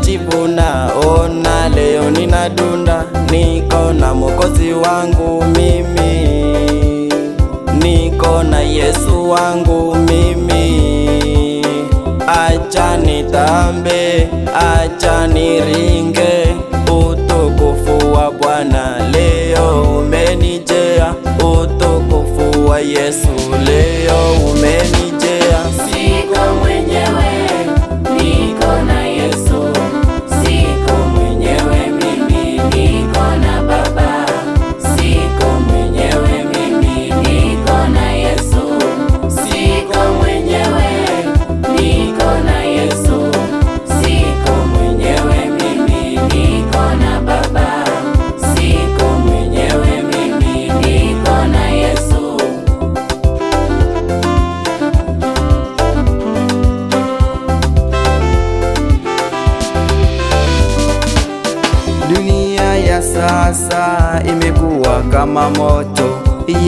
najivuna, ona leo ninadunda, niko na mwokozi wangu mimi, niko na Yesu wangu mimi. Acha nitambe, acha niringe, utukufu wa Bwana leo umenijea, utukufu wa Yesu leo Dunia ya sasa imekuwa kama moto.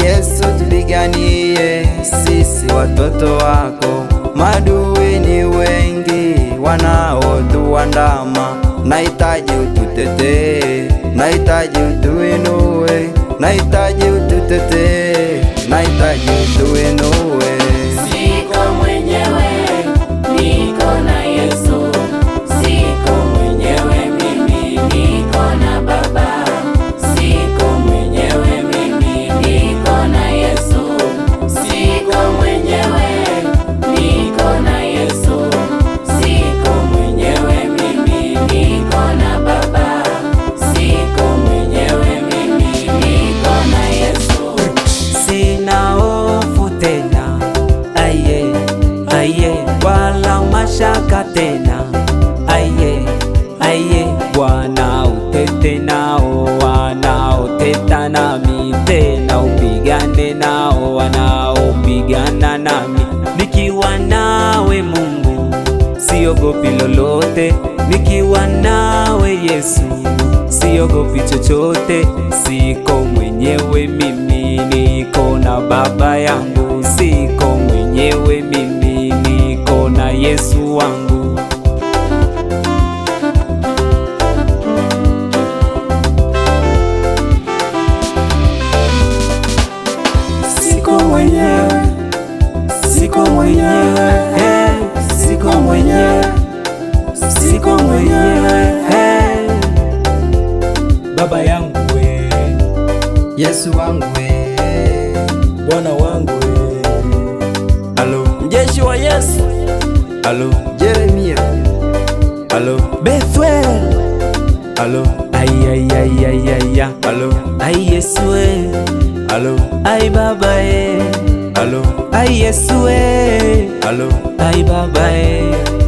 Yesu, tulinganie sisi watoto wako. Maadui ni wengi wanaotuandama, nahitaji ututetee, nahitaji utuinue, nahitaji ututetee, nahitaji utuinue. shaka tena. Aiye, aiye, wanautete nao, wanaoteta nami tena, upigane nao, wanaopigana nami. Nikiwa nawe Mungu, siogopi lolote, nikiwa nawe Yesu, siogopi chochote. Siko mwenyewe mimi, niko na Baba yangu, siko Baba yangu we, Yesu wangu we, Bwana wangu we. Halo, mjeshi wa Yesu, Halo, Jeremia, Halo, Bethuel, alo aiaiaiaiaia, alo ai Yesu we, Halo, ai Baba e. Halo, ai Yesu we, Halo, ai Baba ye